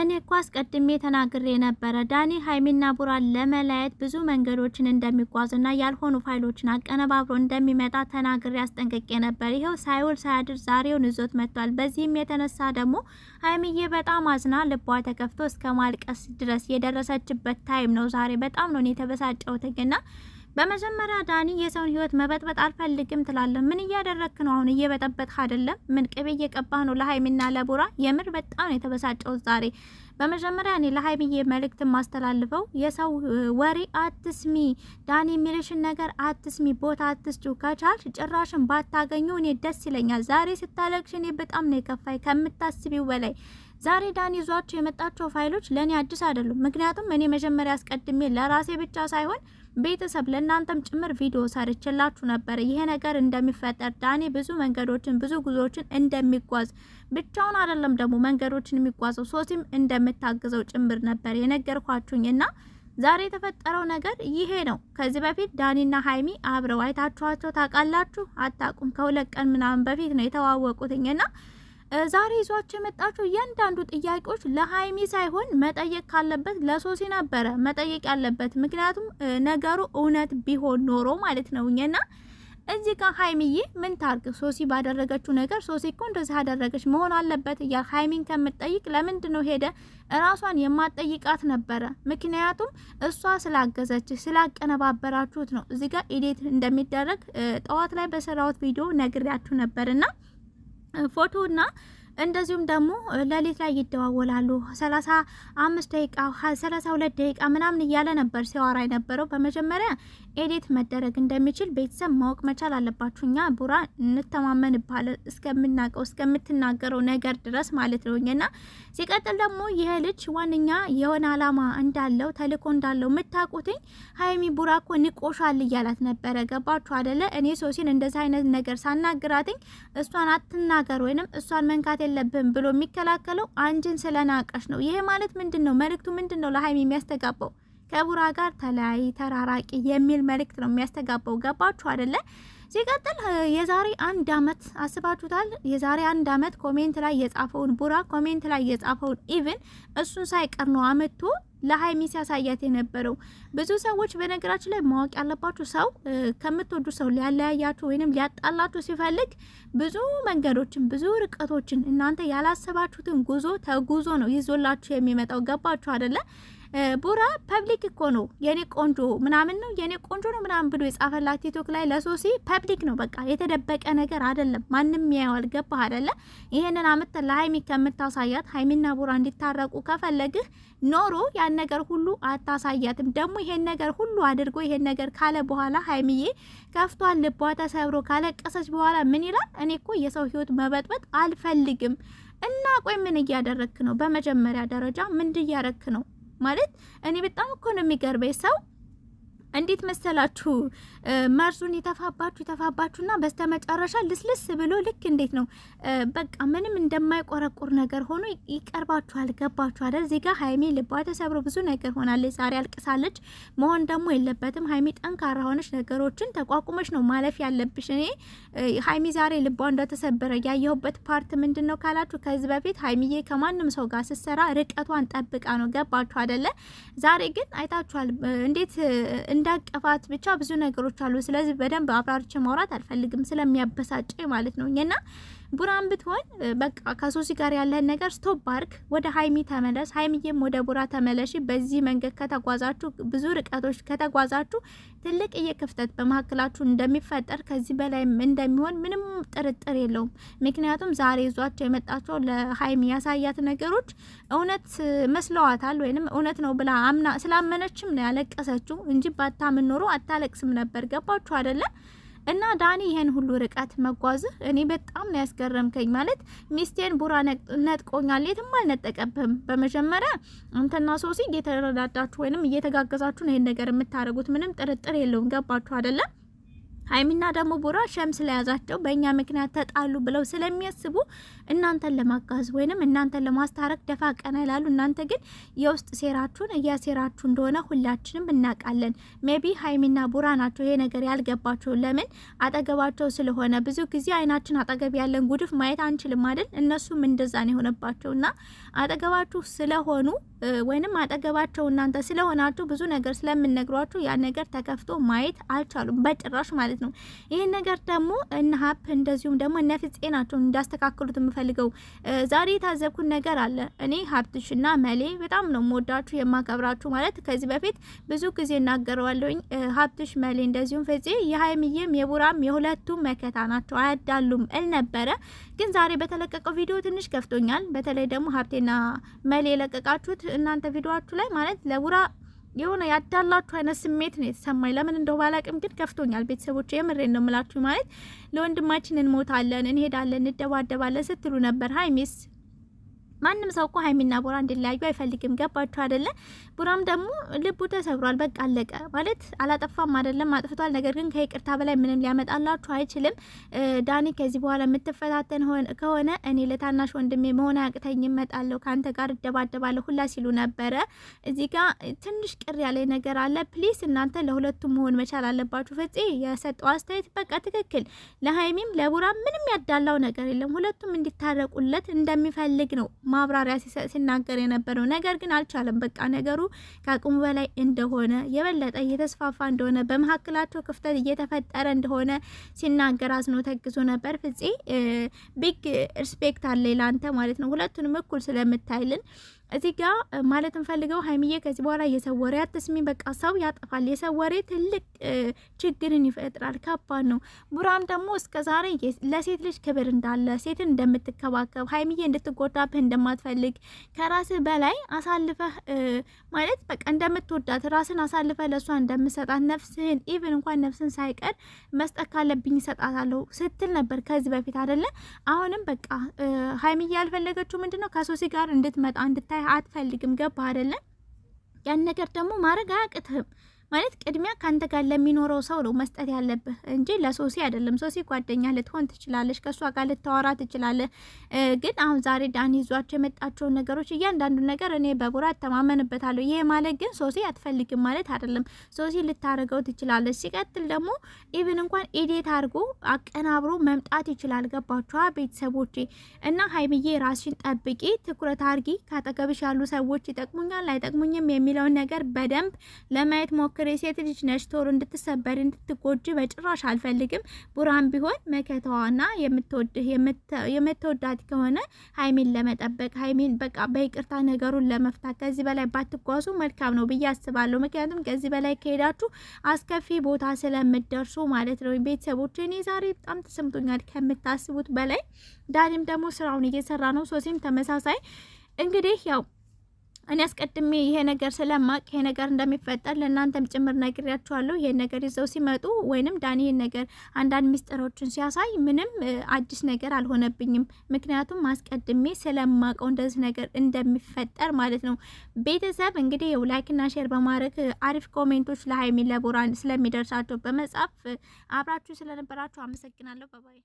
እኔ እኮ አስቀድሜ ተናግሬ ነበረ። ዳኒ ሀይሚና ቡራን ለመላየት ብዙ መንገዶችን እንደሚጓዝና ያልሆኑ ፋይሎችን አቀነባብሮ እንደሚመጣ ተናግሬ አስጠንቅቄ ነበር። ይኸው ሳይውል ሳያድር ዛሬውን ይዞት መጥቷል። በዚህም የተነሳ ደግሞ ሀይሚዬ በጣም አዝና ልቧ ተከፍቶ እስከ ማልቀስ ድረስ የደረሰችበት ታይም ነው። ዛሬ በጣም ነው ትግና በመጀመሪያ ዳኒ የሰውን ህይወት መበጥበጥ አልፈልግም ትላለን። ምን እያደረግክ ነው? አሁን እየበጠበጥ አይደለም? ምን ቅቤ እየቀባህ ነው? ለሀይሚና ለቡራ የምር በጣም ነው የተበሳጨው ዛሬ። በመጀመሪያ እኔ ለሀይሚዬ መልእክት ማስተላልፈው የሰው ወሬ አትስሚ፣ ዳኒ የሚልሽን ነገር አትስሚ፣ ቦታ አትስጩ። ከቻልሽ ጭራሽን ባታገኙ እኔ ደስ ይለኛል። ዛሬ ስታለቅሽ እኔ በጣም ነው የከፋይ ከምታስቢው በላይ ዛሬ ዳን ይዟቸው የመጣቸው ፋይሎች ለእኔ አዲስ አይደሉም። ምክንያቱም እኔ መጀመሪያ አስቀድሜ ለራሴ ብቻ ሳይሆን ቤተሰብ ለእናንተም ጭምር ቪዲዮ ሰርችላችሁ ነበር። ይሄ ነገር እንደሚፈጠር ዳኔ ብዙ መንገዶችን ብዙ ጉዞዎችን እንደሚጓዝ ብቻውን አይደለም ደግሞ መንገዶችን የሚጓዘው ሶሲም እንደምታግዘው ጭምር ነበር የነገርኳችሁኝ እና ዛሬ የተፈጠረው ነገር ይሄ ነው። ከዚህ በፊት ዳኒና ሀይሚ አብረው አይታችኋቸው ታውቃላችሁ? አታቁም ከሁለት ቀን ምናምን በፊት ነው የተዋወቁትኝ እና። ዛሬ ይዟቸው የመጣቸው እያንዳንዱ ጥያቄዎች ለሀይሚ ሳይሆን መጠየቅ ካለበት ለሶሲ ነበረ መጠየቅ ያለበት። ምክንያቱም ነገሩ እውነት ቢሆን ኖሮ ማለት ነው እኛና እዚህ ጋር ሀይሚዬ ምን ታርግ? ሶሲ ባደረገችው ነገር ሶሲ እኮ እንደዚህ ያደረገች መሆን አለበት እያል ሀይሚን ከምትጠይቅ ለምንድን ነው ሄደ እራሷን የማጠይቃት ነበረ? ምክንያቱም እሷ ስላገዘች ስላቀነባበራችሁት ነው። እዚህ ጋር ኢዴት እንደሚደረግ ጠዋት ላይ በሰራሁት ቪዲዮ ነግሬያችሁ ነበርና ஃபோட்டோன்னா እንደዚሁም ደግሞ ሌሊት ላይ ይደዋወላሉ። ሰላሳ አምስት ደቂቃ ሰላሳ ሁለት ደቂቃ ምናምን እያለ ነበር ሲያወራ የነበረው። በመጀመሪያ ኤዲት መደረግ እንደሚችል ቤተሰብ ማወቅ መቻል አለባችሁ። እኛ ቡራ ባለ እስከምናውቀው እስከምትናገረው ነገር ድረስ ማለት ነው። እና ሲቀጥል ደግሞ ይሄ ልጅ ዋነኛ የሆነ አላማ እንዳለው ተልእኮ እንዳለው የምታውቁትኝ ሀይሚ ቡራ እኮ ንቆሻል እያላት ነበረ። ገባችሁ አደለ? እኔ ሶሲን እንደዚህ አይነት ነገር ሳናግራትኝ እሷን አትናገር ወይንም እሷን መንካት የለብህም ብሎ የሚከላከለው አንቺን ስለናቀሽ ነው። ይሄ ማለት ምንድን ነው? መልእክቱ ምንድን ነው? ለሀይሚ የሚያስተጋባው ከቡራ ጋር ተለያይ፣ ተራራቂ የሚል መልእክት ነው የሚያስተጋባው። ገባችሁ አደለ? ሲቀጥል የዛሬ አንድ አመት አስባችሁታል? የዛሬ አንድ አመት ኮሜንት ላይ የጻፈውን ቡራ ኮሜንት ላይ የጻፈውን ኢቭን እሱን ሳይቀር ነው አመቱ ለሀይሚ ሲያሳያት የነበረው። ብዙ ሰዎች በነገራችን ላይ ማወቅ ያለባችሁ ሰው ከምትወዱ ሰው ሊያለያያችሁ ወይም ሊያጣላችሁ ሲፈልግ ብዙ መንገዶችን ብዙ ርቀቶችን እናንተ ያላሰባችሁትን ጉዞ ተጉዞ ነው ይዞላችሁ የሚመጣው። ገባችሁ አደለ? ቡራ ፐብሊክ እኮ ነው የኔ ቆንጆ ምናምን ነው የኔ ቆንጆ ነው ምናምን ብሎ የጻፈላት ቲክቶክ ላይ ለሶሲ ፐብሊክ ነው በቃ የተደበቀ ነገር አይደለም። ማንም ያየዋል። ገባህ አይደለ? ይሄንን አመት ለሀይሚ ከምታሳያት ሀይሚና ቡራ እንዲታረቁ ከፈለግህ ኖሮ ያን ነገር ሁሉ አታሳያትም። ደግሞ ይሄን ነገር ሁሉ አድርጎ ይሄን ነገር ካለ በኋላ ሀይሚዬ ከፍቷል፣ ልቧ ተሰብሮ ካለቀሰች በኋላ ምን ይላል? እኔ እኮ የሰው ህይወት መበጥበጥ አልፈልግም እና ቆይ ምን እያደረክ ነው? በመጀመሪያ ደረጃ ምንድ እያረክ ነው? ማለት እኔ በጣም እኮ ነው የሚገርበኝ ሰው እንዴት መሰላችሁ መርዙን የተፋባችሁ የተፋባችሁና በስተመጨረሻ ልስልስ ብሎ ልክ እንዴት ነው በቃ ምንም እንደማይቆረቁር ነገር ሆኖ ይቀርባችኋል። ገባችሁ አይደል? እዚህ ጋር ሀይሚ ልቧ ተሰብሮ ብዙ ነገር ሆናለች። ዛሬ አልቅሳለች። መሆን ደግሞ የለበትም። ሀይሚ ጠንካራ ሆነች። ነገሮችን ተቋቁመች ነው ማለፍ ያለብሽ። እኔ ሀይሚ ዛሬ ልቧ እንደተሰበረ ያየሁበት ፓርት ምንድን ነው ካላችሁ ከዚህ በፊት ሀይሚዬ ከማንም ሰው ጋር ስትሰራ ርቀቷን ጠብቃ ነው። ገባችሁ አይደለ? ዛሬ ግን አይታችኋል እንዴት እንዳቀፋት ብቻ ብዙ ነገሮች አሉ። ስለዚህ በደንብ አብራርቼ ማውራት አልፈልግም ስለሚያበሳጭ ማለት ነው እና ቡራን ብትሆን በቃ ከሶሲ ጋር ያለህን ነገር ስቶፕ አርግ፣ ወደ ሀይሚ ተመለስ፣ ሀይሚዬም ወደ ቡራ ተመለሽ። በዚህ መንገድ ከተጓዛችሁ፣ ብዙ ርቀቶች ከተጓዛችሁ ትልቅ እየክፍተት በመካከላችሁ እንደሚፈጠር ከዚህ በላይ እንደሚሆን ምንም ጥርጥር የለውም። ምክንያቱም ዛሬ ይዟቸው የመጣቸው ለሀይሚ ያሳያት ነገሮች እውነት መስለዋታል ወይም እውነት ነው ብላ አምና ስላመነችም ነው ያለቀሰችው እንጂ ባታምን ኖሮ አታለቅስም ነበር። ገባችሁ አይደለም? እና ዳኒ ይሄን ሁሉ ርቀት መጓዝህ እኔ በጣም ነው ያስገረምከኝ። ማለት ሚስቴን ቡራ ነጥቆኛል፣ የትም አልነጠቀብህም። በመጀመሪያ አንተና ሶሲ እየተረዳዳችሁ ወይንም እየተጋገዛችሁ ነው ይሄን ነገር የምታደርጉት፣ ምንም ጥርጥር የለውም። ገባችሁ አይደለም? ሀይሚና ደግሞ ቡራ ሸም ስለያዛቸው በእኛ ምክንያት ተጣሉ ብለው ስለሚያስቡ እናንተን ለማጋዝ ወይንም እናንተን ለማስታረቅ ደፋ ቀና ይላሉ። እናንተ ግን የውስጥ ሴራችሁን እያሴራችሁ እንደሆነ ሁላችንም እናውቃለን። ሜቢ ሀይሚና ቡራ ናቸው ይሄ ነገር ያልገባቸው። ለምን አጠገባቸው ስለሆነ ብዙ ጊዜ አይናችን አጠገብ ያለን ጉድፍ ማየት አንችልም አይደል? እነሱም እንደዛ ነው የሆነባቸውና አጠገባችሁ ስለሆኑ ወይንም አጠገባቸው እናንተ ስለሆናችሁ ብዙ ነገር ስለምንነግሯችሁ ያን ነገር ተከፍቶ ማየት አልቻሉም በጭራሽ ማለት ማለት ነው። ይህን ነገር ደግሞ እነ ሀፕ እንደዚሁም ደግሞ እነ ፍጼ ናቸው እንዳስተካከሉት የምፈልገው። ዛሬ የታዘብኩት ነገር አለ። እኔ ሀብትሽና መሌ በጣም ነው የምወዳችሁ የማከብራችሁ። ማለት ከዚህ በፊት ብዙ ጊዜ እናገረዋለሁኝ። ሀብትሽ፣ መሌ እንደዚሁም ፍጼ የሀይምዬም የቡራም የሁለቱም መከታ ናቸው፣ አያዳሉም እል ነበረ። ግን ዛሬ በተለቀቀው ቪዲዮ ትንሽ ከፍቶኛል። በተለይ ደግሞ ሀብቴና መሌ የለቀቃችሁት እናንተ ቪዲዮችሁ ላይ ማለት ለቡራ የሆነ ያዳላችሁ አይነት ስሜት ነው የተሰማኝ። ለምን እንደው ባላቅም ግን ከፍቶኛል። ቤተሰቦች የምሬ ነው ምላችሁ ማለት ለወንድማችን እንሞታለን፣ እንሄዳለን፣ እንደባደባለን ስትሉ ነበር ሚስ ማንም ሰው እኮ ሀይሚና ቡራ እንዲለያዩ አይፈልግም። ገባችሁ አይደለ? ቡራም ደግሞ ልቡ ተሰብሯል። በቃ አለቀ ማለት አላጠፋም አይደለም፣ አጥፍቷል። ነገር ግን ከይቅርታ በላይ ምንም ሊያመጣላችሁ አይችልም። ዳኒ ከዚህ በኋላ የምትፈታተን ከሆነ እኔ ለታናሽ ወንድሜ መሆን አቅተኝ እመጣለሁ፣ ከአንተ ጋር እደባደባለሁ ሁላ ሲሉ ነበረ። እዚህ ጋር ትንሽ ቅር ያለ ነገር አለ። ፕሊስ እናንተ ለሁለቱም መሆን መቻል አለባችሁ። ፍፄ የሰጠው አስተያየት በቃ ትክክል። ለሀይሚም ለቡራ ምንም ያዳላው ነገር የለም። ሁለቱም እንዲታረቁለት እንደሚፈልግ ነው ማብራሪያ ሲናገር የነበረው ነገር ግን አልቻለም። በቃ ነገሩ ከአቅሙ በላይ እንደሆነ የበለጠ እየተስፋፋ እንደሆነ በመካከላቸው ክፍተት እየተፈጠረ እንደሆነ ሲናገር አዝኖ ተግዞ ነበር። ፍጼ ቢግ ሪስፔክት አለ ለአንተ ማለት ነው ሁለቱንም እኩል ስለምታይልን እዚህ ጋ ማለት እንፈልገው ሀይሚዬ ከዚህ በኋላ የሰው ወሬ አትስሚ። በቃ ሰው ያጠፋል፣ የሰው ወሬ ትልቅ ችግርን ይፈጥራል፣ ከባድ ነው። ቡራም ደግሞ እስከ ዛሬ ለሴት ልጅ ክብር እንዳለ፣ ሴትን እንደምትከባከብ፣ ሀይሚዬ እንድትጎዳብህ እንደማትፈልግ፣ ከራስህ በላይ አሳልፈህ ማለት በቃ እንደምትወዳት፣ ራስን አሳልፈህ ለእሷ እንደምሰጣት፣ ነፍስህን ኢቭን እንኳን ነፍስን ሳይቀር መስጠት ካለብኝ ይሰጣታለሁ ስትል ነበር ከዚህ በፊት አይደለ? አሁንም በቃ ሀይሚዬ ያልፈለገችው ምንድነው ከሶሲ ጋር እንድትመጣ እንድታይ አትፈልግም። ገባ አይደለም? ያን ነገር ደግሞ ማድረግ አያቅትህም። ማለት ቅድሚያ ከአንተ ጋር ለሚኖረው ሰው ነው መስጠት ያለብህ እንጂ ለሶሲ አይደለም። ሶሲ ጓደኛ ልትሆን ትችላለች፣ ከእሷ ጋር ልታወራ ትችላለህ። ግን አሁን ዛሬ ዳኒ ይዟቸው የመጣቸውን ነገሮች እያንዳንዱ ነገር እኔ በቡራ እተማመንበታለሁ። ይሄ ማለት ግን ሶሲ አትፈልግም ማለት አይደለም። ሶሲ ልታደርገው ትችላለች። ሲቀጥል ደግሞ ኢቭን እንኳን ኤዴት አድርጎ አቀናብሮ መምጣት ይችላል። ገባችኋ ቤተሰቦቼ? እና ሀይምዬ ራስሽን ጠብቂ፣ ትኩረት አድርጊ። ካጠገብሽ ያሉ ሰዎች ይጠቅሙኛል አይጠቅሙኝም የሚለውን ነገር በደንብ ለማየት ሞክር ሞክር። ሴት ልጅ ነሽ፣ ቶሎ እንድትሰበር እንድትጎጂ በጭራሽ አልፈልግም። ቡራም ቢሆን መከታዋና የምትወዳት ከሆነ ሀይሚን ለመጠበቅ ሀይሚን በቃ በይቅርታ ነገሩን ለመፍታት ከዚህ በላይ ባትጓዙ መልካም ነው ብዬ አስባለሁ። ምክንያቱም ከዚህ በላይ ከሄዳችሁ አስከፊ ቦታ ስለምደርሱ ማለት ነው። ቤተሰቦች እኔ ዛሬ በጣም ተሰምቶኛል ከምታስቡት በላይ ዳኒም ደግሞ ስራውን እየሰራ ነው። ሶሲም ተመሳሳይ እንግዲህ ያው እኔ አስቀድሜ ይሄ ነገር ስለማቅ ይሄ ነገር እንደሚፈጠር ለእናንተም ጭምር ነግሬያችኋለሁ። ይሄን ነገር ይዘው ሲመጡ ወይንም ዳኒ ይህን ነገር አንዳንድ ሚስጥሮችን ሲያሳይ ምንም አዲስ ነገር አልሆነብኝም፣ ምክንያቱም አስቀድሜ ስለማቀው እንደዚህ ነገር እንደሚፈጠር ማለት ነው። ቤተሰብ እንግዲህ ው ላይክና ሼር በማድረግ አሪፍ ኮሜንቶች ለሀይሚ ለቡራን ስለሚደርሳቸው በመጻፍ አብራችሁ ስለነበራችሁ አመሰግናለሁ። ባባይ